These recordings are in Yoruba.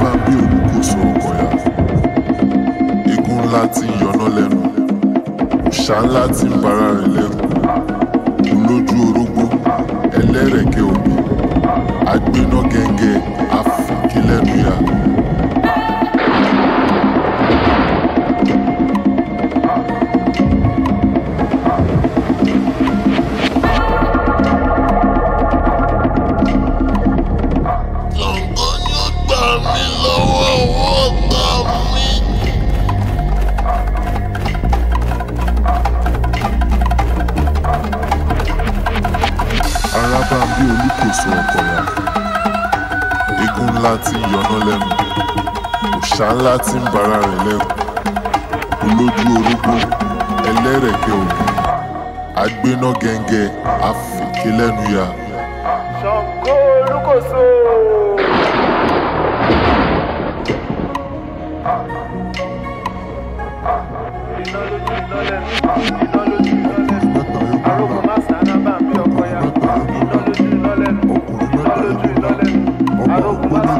bá bí olùkó sọ̀rọ̀ kọ̀yà egun ńlá tí ń lẹ́nu òṣà ńlá tí ń bara rẹ̀ lẹ́nu olójú orógbó ẹlẹ́rẹ̀kẹ́ omi agbéná gẹ́gẹ́ afikilẹ́nu ya. ṣàkóso ọkọ̀ wa eégún ńlá tí ń yọná lẹ́nu ńlá tí ń bara rẹ̀ lẹ́nu olójú orógbó ẹlẹ́rẹ̀kẹ́ òògùn agbéná gẹ́ngẹ́ àfèké lẹ́nu ya. Ṣàngó Olúkòso. iná lójú iná lẹ́nu.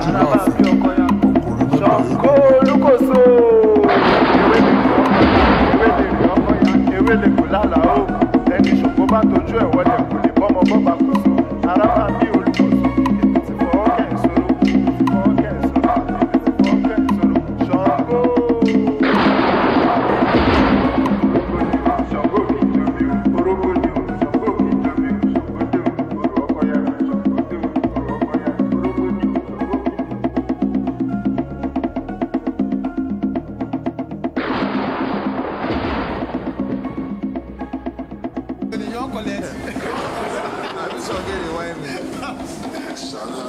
Thank son.